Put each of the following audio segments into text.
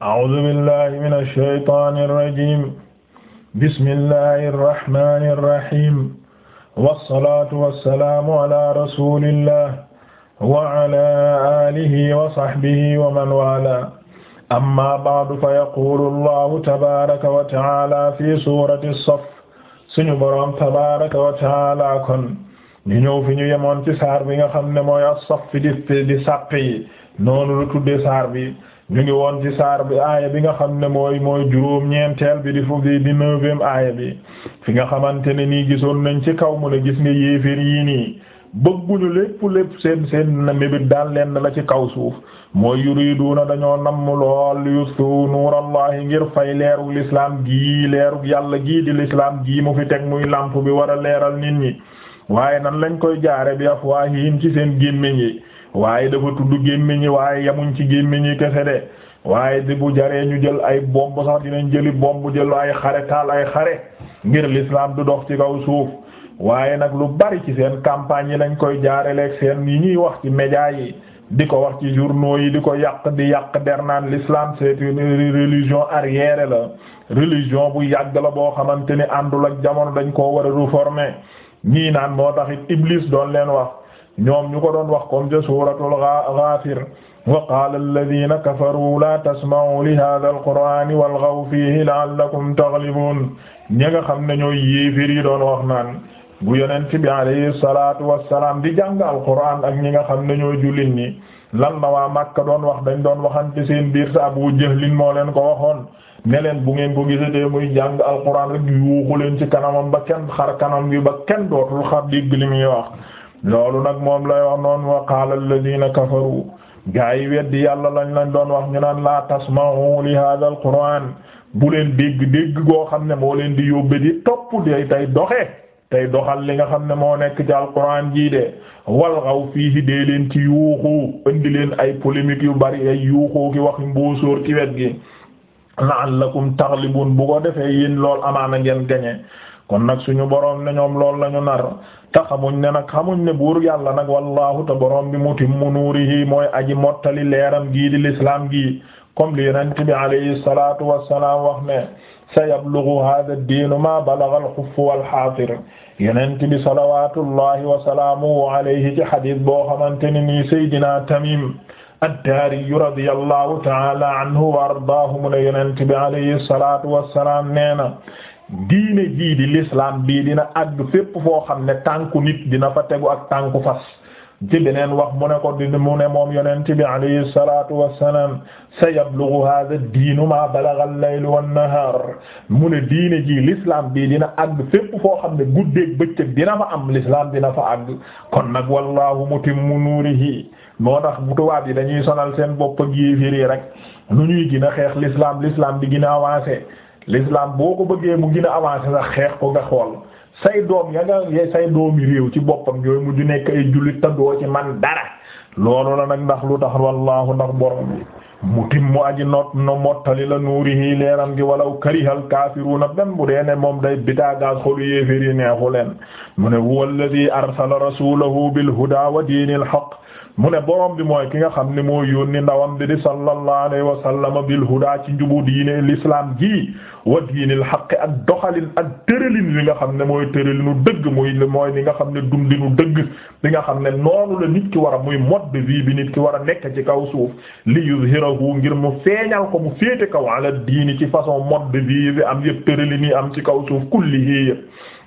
a'uuzu billahi mina shaytaani rajiim bismillahi rahmaani rahiim wassalaatu wassalaamu ala rasuulillah wa ala alihi wa sahbihi wa man waalaa amma ba'du fa yaquulu allahu tabaaraka wa ta'aala fi suurati saf suñu boroom tabaaraka wa ta'aala kon ñu ñëw fi ñu yemoon ci saar bi nga xam ne mooy as-saff di di sàppe yi noonu lu tudde saar bi ñu ngi woon ci saar bi aaya bi nga xam ne mooy mooy juróom ñeenteel bi di fu bi di neuvième aaya bi fi nga xamante ne nii gisoon nañ ci kaw mu ne gis nga yéeféer yii nii bëgguñu lépp lépp seen seen mébét daal lenn la ci kaw suuf mooy yuriduuna dañoo namm lool yustu nuurallahi ngir fay leeru lislaam gii leeru yàlla gii di lislaam gii mu fi teg muy làmp bi war a leeral nit ñi waaye nan lañ koy jaare bi afwaahihim ci seen gémmiñ yi waaye dafa tudd gémmiñi waaye yamuñ ci gémmiñi kese de waaye di bu jaree ñu jël ay bomb sax dinañ jëli bomb jël ay xare taal ay xare ngir l'islam du dox ci kaw suuf waaye nag lu bari ci seen campagne yi lañ koy jaareleeg seen yi ñuy wax ci média yi di ko wax ci journaux yi di ko yàq di yàq der naan l'islam c'est une religion arrière la religion bu yàgg la boo xamante ni àndul ak jamono dañ koo war a réformer ñii naan moo taxit Iblis doon leen wax ñoom ñu ko doon wax comme ca suuratul Ghaafir wa qaala alladhiina kafaru laa tasma'u li haadha al-qur'aani walghaw fiihi la'allakum taghlibuun ñi nga xam ne ñooy yéefir yi doon wax naan bu yonent bi alayhi salaatu wassalaam di jàng alqur'aan ak ñi nga xam ne ñooy jullit ñi lan la waa Makka doon wax dañ doon waxante seen biir sa Abu Jahlin moo leen ko waxoon ne leen bu ngeen ko gisatee muy jàng alqur'aan rek yuuxu leen ci kanamam ba kenn xar kanam bi ba kenn dootul xar dégg li muy wax loolu nag moom lay wax noon wa qaala alladina kafaru gaa yi weddi yàlla lañ lañ doon wax ñu naan laa tasma'u li hadha al qur'an bu leen dégg dégg goo xam ne moo leen di yóbbe di topp day tey doxe tey doxal li nga xam ne moo nekk ci al qur'an jii de walxaw fiihi dee leen ci yuuxu indi leen ay polémiques yu bari ay yuuxu ki wax mboosóor ci wet gi na la'allakum taxlibun bu ko defee yéen lool a ngeen gañe kon nag suñu borom ne ñoom loolu la ñu nar te xamuñ ne nag xamuñ ne buur yàlla nag wallahu te borom bi mutimmu nuurihi mooy aji mottali leeram gii di l'islam gii comme li yonent bi alayhi salaatu wassalaam wax ne sa yablughu hadha diinu ma balagha al-huffu wal-haafir yonent bi salawaatullahi wa salaamuhu alayhi ci xadis boo xamante ne nii Seydina Tamim ad-Daari radiyallahu ta'ala anhu wa ardaahu mu ne yonent bi alayhi salaatu wassalaam nee na diine jii di l'islam bii dina àgg fépp foo xam ne tànku nit dina fa tegu ak tànku fas ci beneen wax mu ne ko di mu ne moom yoneen bi alayhi salatu wassalam sa yablughu hadha diinu ma balagha al-layl wan-nahar mu ne diine jii l'islam bii dina àgg fépp foo xam ne guddeeg bëccëg dina fa am l'islam dina fa àgg kon nag wallahu mutimmu nuurihi moo tax tubaab yi dañuy sonal seen bopp ak yéeféer rek nu ñuy gën xeex l'islam l'islam bi gën a l'islam boo ko bëggee mu gën a avancer sax xeex ko nga xool say doom ya nga say doomi réew ci boppam yooyu mu nekk ay jullit te doo ci man dara loolu la nag ndax lu tax wallaahu ndax borom bi mu tim mu aji not no mottali la nuurihi leeram gi walaw karihal kaafiruuna benn bu dee ne moom day bitaagaas xolu yéeféri neexu leen mu ne huwa alladhi arsala rasulahu bil huda wa diinil haqq mu ne borom bi mooy ki nga xam ne moo yónni ndawam bi di sallallahu alayhi wa sallam bil huda ci njubu diine l'islam ji wa diinil haqq ak doxalin ak tëralin li nga xam ne mooy tëralinu dëgg muy mooy li nga xam ne dundinu dëgg li nga xam ne noonu la nit ki war a muy mode de vie bi nit ki war a nekk ci kaw suuf li yuzhirahu ngir mu feeñal ko mu féete kaw ala diini ci façon mode de bi am yëpp tëralin yi am ci kaw suuf kullihi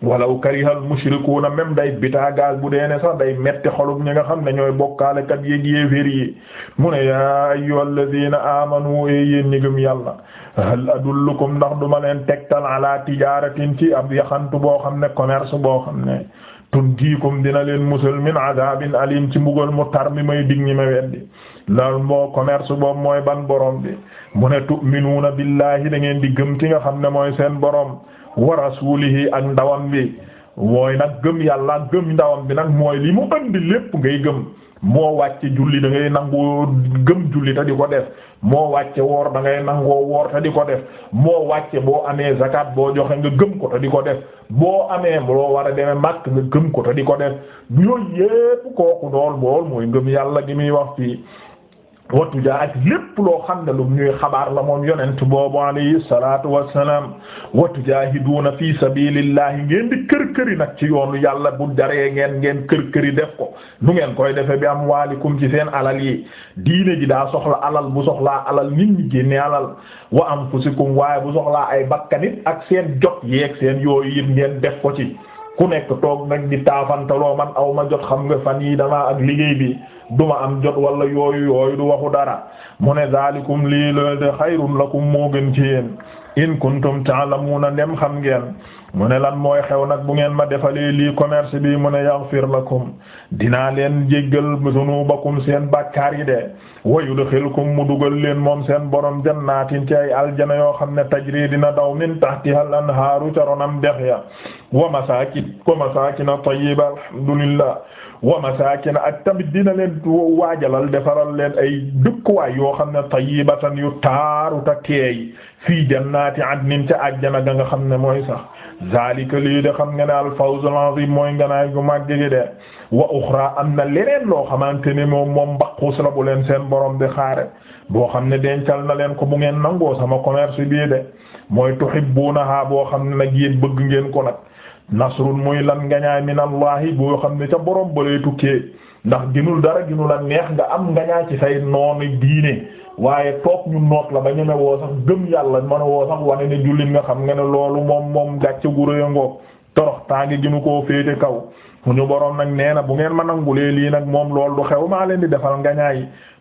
walaw karihal mushrikuuna même day bitaagaal bu dee ne sax day metti xolub ñi nga xam ne ñooy bokkaalekat yéeg yéeféer yi mu ne yaa ayyuhalladiina aamanu e yéen ñi yàlla hal adullukum ndax duma leen tegtal ala tijaaratin ci ab yaxantu boo xam ne commerce boo xam ne tunjiikum dina leen musal min adaabin alim ci mbugal mu tar mi may dig ñi ma weddi loolu moo commerce boobu mooy ban borom bi mu ne tu'minuuna billaahi da ngeen di gëm ki nga xam ne mooy seen boroom wa rasulihi ak ndawam bi mooy nag gëm yàlla gëm ndawam bi nag mooy li mu andi lépp ngay gëm moo wàcce julli da ngay nangoo gëm julli te di ko def moo wàcce woor dangay nangoo woor te di ko def moo wàcce boo amee zakat boo joxe nga gëm ko te di ko def boo amee loo war a demee màkk nga gëm ko te di ko def yooyu yépp kooku dool bool mooy gëm yàlla gi muy wax fii watujaa ak lépp loo xam ne lu ñuy xabaar la moom yonent boobu alayhi salaatu wassalaam watujaahiduuna fi sabilillahi ngeen di kër këri nag ci yoonu yàlla bu daree ngeen ngeen kër këri def ko nu ngeen koy defe bi am waalikum ci seen alal yi diine ji daa soxla alal bu soxlaa alal nit ñi génne alal wa anfusikum waaye bu soxlaa ay bakkanit ak seen jot yeeg seen yooyu it ngeen def ko ci ku nekk toog nag di taafantaloo man aw ma jot xam nga fan yi damaa ak liggéey bi du ma am jot walla yooyu yooyu du waxu dara mu ne dalikum lii loolu de xayrun lakum moo gën ci yéen in kuntum ta'lamuna ndem xam ngeen mu ne lan mooy xew nag bu ngeen ma defalee lii commerce bi mu ne yaghfir lakum dinaa leen jéggal zunubakum seen bàkkaar yi de wa yudkhilkum mu dugal leen moom seen borom jannaatin ci ay aljana yoo xam ne tajri dina daw min tahtiha al anhaaru ca ronam dex ya wa masaakin wa masaakina tayyiba alhamdulillah wa masaakin ak tamit dina leen waajalal defaral leen ay dëkkuwaay yoo xam ne tayyibatan yu taaruta teey fii jannaati adnin ca àjjana ga nga xam ne mooy sax zalika lii de xam nga ne al fawzul azim mooy nganaay gu màgg gi de wa uxra am na leneen loo xamante ne moom moom mbaqus la bu leen seen boroom bi xaare boo xam ne dencal na leen ko bu ngeen nangoo sama commerce bii de mooy tuhibbunaha boo xam ne nag yéen bëgg ngeen ko nag nasrun muy lan ngañaay minallahi boo xam ne ca boroom ba lay tukkee ndax ginul dara ginul a neex nga am ngañaay ci say noonu diine waaye toog ñu noot la ba ñeme woo sax gëm yàlla mën a woo sax wane ne jullit nga xam nga ne loolu moom moom gàcce gu rëy a ngoog torox tàngi gi ñu koo féete kaw. mu ñu boroom nag nee na bu ngeen ma nangulee lii nag moom lool du xew maa leen di defal ngañaay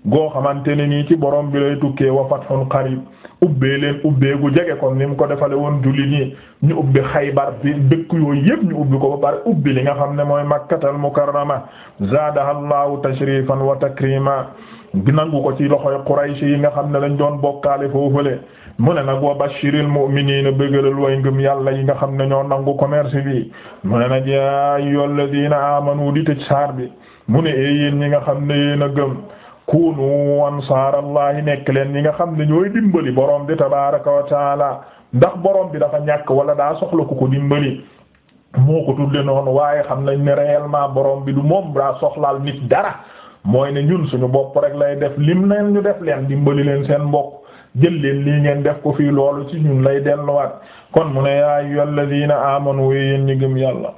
goo xamante ne nii ci borom bi lay tukkee wa fathun qarib ubbee leen ubbee gu jege ko ni mu ko defale woon jullit ñi ñu ubbi xaybar bi dëkk yooyu yëpp ubbi ko ba pare ubbi li nga xam ne mooy makkatal mukarrama zaadaha allahu tashrifan wa takrima nangu ko ci loxoy quraysh yi nga xam ne lañ doon bokkaale foofule mu ne nag wa bashiril mu'minina bëggalal way ngëm yàlla yi nga xam ne ñoo nangu commerce bi mu ne nag yaa ayyuhalladhina amanu di tëj saar bi mu ne ee yéen ñi nga xam ne yéen a gëm kunu ansaarallahi nekk leen ñi nga xam ne ñooy dimbali borom bi tabaaraka wa taala ndax boroom bi dafa ñàkk wala daa soxla ku ko dimbali moo ko tudde noonu waaye xam nañ ne réellement boroom bi du moom daa soxlaal nit dara mooy ne ñun suñu bopp rek lay def lim ne ñu def leen dimbali leen seen mbokk jël leen lii ngeen def ko fii loolu ci ñun lay delluwaat kon mu ne yaa ayyuhal ladina amanu ñu ñi gëm yàlla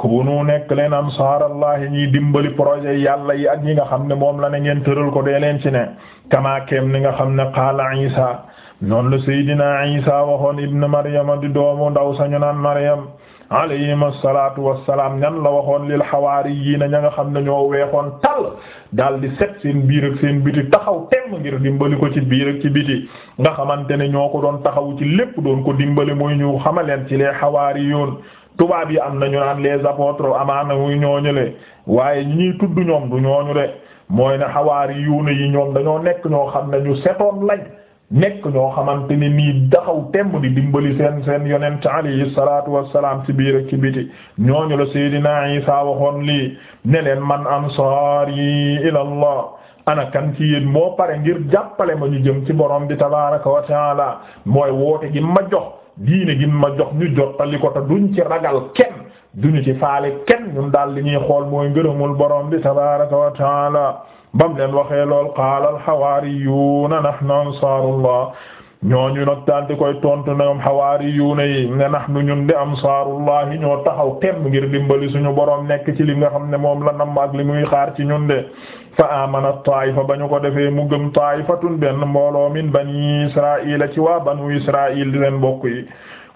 kunu nekk leen ansaarallahi ñiy dimbali projet yàlla yi ak ñi nga xam ne moom la ne ngeen tëral ko dee leen ci ne kamaakeem ni nga xam ne qaala isa noonu la seydina isa waxoon ibn maryama di doomu ndaw sañu naan maryam alayhim asalatu wasalaam ñan la waxoon lil xawaari yii na ña nga xam ne ñoo weexoon tal daal di set seen biir ak seen biti taxaw temm ngir dimbali ko ci biir ak ci biti nga xamante ne ñoo ko doon taxaw ci lépp doon ko dimbali mooy ñu xamaleen ci les xawaari yoon tubaab yi am nañu naan les apôtres amaana muy ñooñule waaye ñi ñuy tudd ñoom du ñooñu de mooy ne xawaari yuuna yi ñoom dañoo nekk ñoo xam ne ñu setoon lañ nekk ñoo xamante ni nii daxaw temb di dimbali seen seen yonent alayhi salaatu wassalaam ci biir ak ci biti ñooñu la Seydina Isa waxoon lii ne leen man ansaari ila Allah ana kan ki yéen moo pare ngir jàppale ma ñu jëm ci borom bi tabaaraka wa taala mooy woote gi ma jox diine gi ma jox ñu jottali ko te duñ ci ragal kenn duñu ci faale kenn ñun daal li ñuy xool mooy ngërëmul borom bi tabaraka wa taala bam leen waxee lool qaala alxawaariyuuna nahnu ansaarullah ñooñu nag daal di koy tontu ñoom xawaariyuuna yi ne nahnu ñun di ansaarullahi ñoo taxaw temm ngir dimbali suñu boroom nekk ci li nga xam ne moom la namm ak li muy xaar ci ñun de fa amana taifa ba ñu ko defee mu gëm taifatun benn mbooloo min bani israila ci waa banu israil di leen bokk yi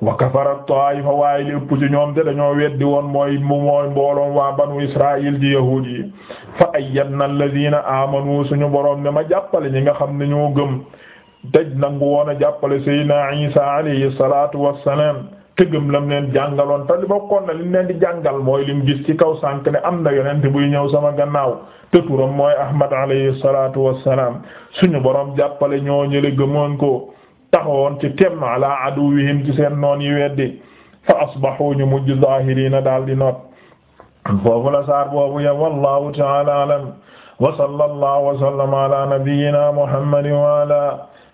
wa kafara taifa waaye li ëpp ci ñoom te dañoo weddi woon mooy mu mooy mbooloom waa banu israil di yahuud yi fa ayyadna alladhina amanu suñu borom ne ma jàppale ñi nga xam ne ñoo gëm daj nangu woon a jàppale Seydina Isa alayhi salaatu wassalaam tëggam lam leen jàngaloon te li bokkoon na lim leen mooy lim gis ci kaw sànk am na yonent buy ñëw sama gannaaw te turam mooy Ahmad alayhi salaatu wassalaam suñu borom jàppale ñoo ñële gëmoon ko taxawoon ci kem la aduwihim ci seen noon yi weddi fa asbahu ñu mujj zahirina daal di noot foofu la saar boobu ya wallahu ta'ala alam wa sallallahu wa sallama ala nabiyyina muhammadin wa ala